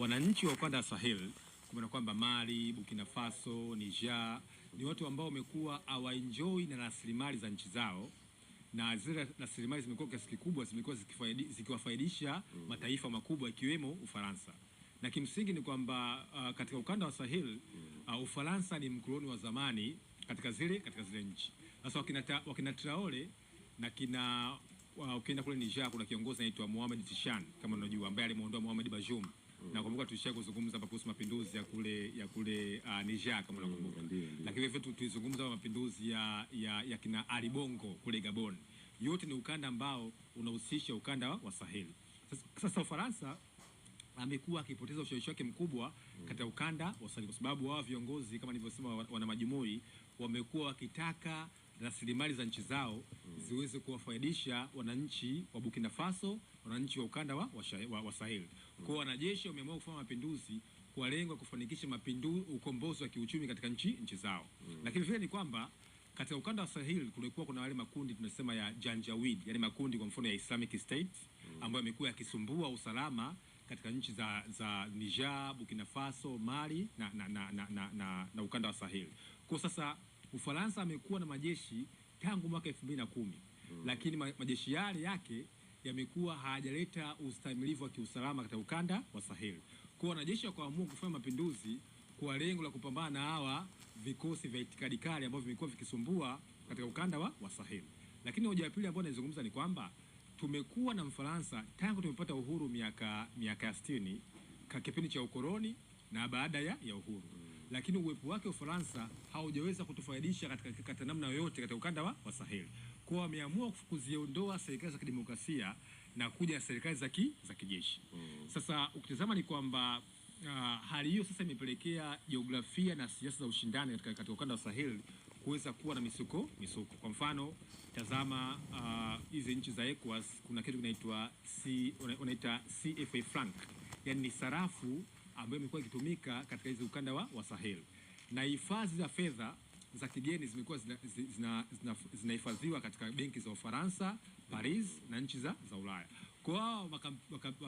wananchi wa ukanda wa Sahel kumana kwamba Mali, Burkina Faso, Niger ni watu ambao wamekuwa hawaenjoi na rasilimali za nchi zao na zile rasilimali zimekuwa kiasi kikubwa zimekuwa zikiwafaidisha mm. mataifa makubwa ikiwemo Ufaransa na kimsingi ni kwamba uh, katika ukanda wa Sahel mm. uh, Ufaransa ni mkoloni wa zamani katika zile katika zile nchi. Sasa wakina, wakina Traore na kina uh, kule Niger kuna kiongozi anaitwa Mohamed Tishan kama unajua, ambaye alimuondoa Mohamed Bazoum mm. Nakumbuka tulishia kuzungumza hapa kuhusu mapinduzi ya kule ya kule uh, Niger kama mm, unakumbuka mm, lakini vile tulizungumza mapinduzi ya, ya, ya kina Ali Bongo kule Gabon. Yote ni ukanda ambao unahusisha ukanda wa Saheli. Sasa, sasa Ufaransa amekuwa akipoteza ushawishi wake mkubwa mm. katika ukanda wa Saheli kwa sababu wao viongozi kama nilivyosema, wana majumui wamekuwa wakitaka rasilimali za nchi zao mm. ziweze kuwafaidisha wananchi wa Burkina Faso, wananchi wa ukanda wa, wa, wa Sahel mm. Kwa wanajeshi wameamua kufanya mapinduzi kwa lengo kufanikisha mapinduzi, ukombozi wa kiuchumi katika nchi nchi zao mm. Lakini vile ni kwamba katika ukanda wa Sahel kulikuwa kuna wale makundi tunasema ya Janjaweed, yani makundi kwa mfano ya Islamic State mm. ambayo yamekuwa yakisumbua usalama katika nchi za, za Niger, Burkina Faso, Mali na, na, na, na, na, na, na ukanda wa Sahel kwa sasa Ufaransa amekuwa na majeshi tangu mwaka elfu mbili na kumi mm. lakini majeshi yale yake yamekuwa hayajaleta ustahimilivu wa kiusalama katika ukanda wa Saheli. Kwa wanajeshi wakaamua kufanya mapinduzi kwa lengo la kupambana na hawa vikosi vya itikadi kali ambavyo vimekuwa vikisumbua katika ukanda wa, wa Saheli. Lakini hoja ya pili ambayo naizungumza ni kwamba tumekuwa na Mfaransa tangu tumepata uhuru miaka miaka 60 ka kipindi cha ukoloni na baada ya, ya uhuru lakini uwepo wake Ufaransa haujaweza kutufaidisha katika, katika namna yoyote katika ukanda wa, wa Saheli. Kwa wameamua kuziondoa serikali za kidemokrasia na kuja na serikali za kijeshi mm. Sasa ukitazama ni kwamba uh, hali hiyo sasa imepelekea jiografia na siasa za ushindani katika, katika ukanda wa Saheli kuweza kuwa na misuko misuko. Kwa mfano tazama ah, hizi uh, nchi za ECOWAS kuna kitu kinaitwa unaita CFA franc, yani ni sarafu ambayo imekuwa ikitumika katika hizi ukanda wa, wa Sahel na hifadhi za fedha za kigeni zimekuwa zinahifadhiwa zina, zina, zina katika benki za Ufaransa, Paris na nchi za, za Ulaya. Kwa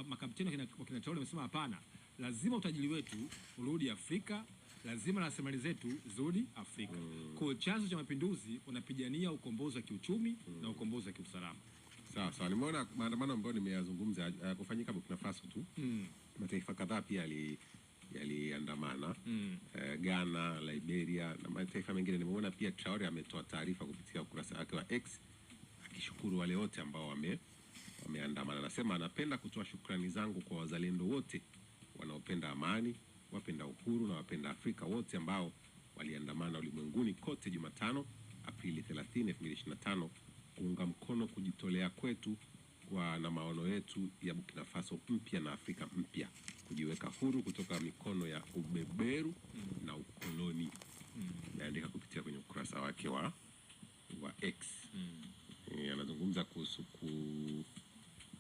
makapteni wa kinatali wamesema hapana, lazima utajiri wetu urudi Afrika, lazima rasilimali zetu zirudi Afrika. Mm. Kwa chanzo cha mapinduzi unapigania ukombozi wa kiuchumi na ukombozi wa kiusalama. Sawa sawa, nimeona maandamano ambayo nimeyazungumza uh, kufanyika Burkina Faso tu mm. mataifa kadhaa pia yaliandamana mm. uh, Ghana, Liberia na mataifa mengine. Nimeona pia Traore ametoa taarifa kupitia ukurasa wake wa X akishukuru wale wote ambao wame wameandamana. Anasema anapenda kutoa shukrani zangu kwa wazalendo wote wanaopenda amani, wapenda uhuru na wapenda Afrika wote ambao waliandamana ulimwenguni kote Jumatano Aprili 30, 2025 kuunga mkono kujitolea kwetu kwa na maono yetu ya Burkina Faso mpya na Afrika mpya, kujiweka huru kutoka mikono ya ubeberu mm. na ukoloni mm. naandika kupitia kwenye ukurasa wake wa, wa X mm. E, anazungumza kuhusu ku,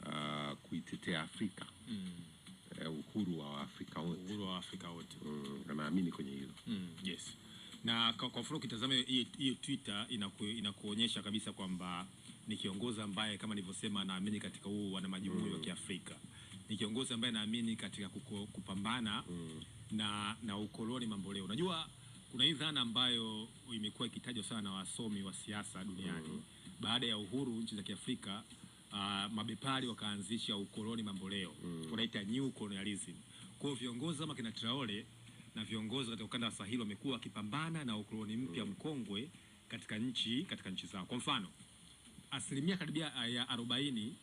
uh, kuitetea Afrika mm. e, uhuru wa Waafrika wote, uhuru wa Afrika wote. Mm, anaamini kwenye hilo mm. yes na kwa, kwa mfano ukitazama hiyo Twitter inaku, inakuonyesha kabisa kwamba ni kiongozi ambaye kama nilivyosema anaamini katika huu wana majumuiya mm. wa Kiafrika, ni kiongozi ambaye anaamini katika kuko, kupambana mm. na, na ukoloni mamboleo. Unajua kuna hii dhana ambayo imekuwa ikitajwa sana na wasomi wa siasa duniani mm. baada ya uhuru nchi za Kiafrika uh, mabepari wakaanzisha ukoloni mamboleo mm. wanaita new colonialism. Kwa viongozi kama kina Traore na viongozi katika ukanda wa Sahili wamekuwa wakipambana na ukoloni mpya mkongwe katika nchi katika nchi zao. Kwa mfano, asilimia karibia ah, ya arobaini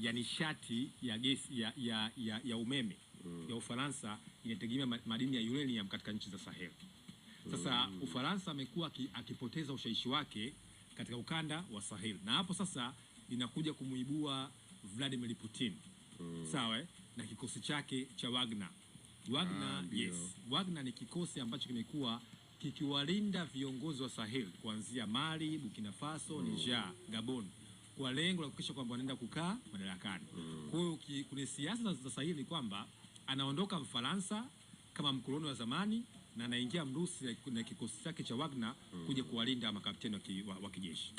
ya nishati ya gesi ya, ya, ya, ya umeme mm. ya Ufaransa inategemea madini ya uranium katika nchi za Sahel. Sasa mm. Ufaransa amekuwa akipoteza ushawishi wake katika ukanda wa Sahel, na hapo sasa inakuja kumuibua Vladimir Putin mm. sawa na kikosi chake cha Wagner Wagner, ah, yes. Wagner ni kikosi ambacho kimekuwa kikiwalinda viongozi wa Sahel kuanzia Mali, Burkina Faso, mm. Niger, Gabon kwa lengo la kuhakikisha kwamba wanaenda kukaa madarakani. Mm. Kwa hiyo kuna siasa za Sahel ni kwamba anaondoka Mfaransa kama mkoloni wa zamani na anaingia Mrusi na kikosi chake cha Wagner mm. kuja kuwalinda makapteni wa kijeshi.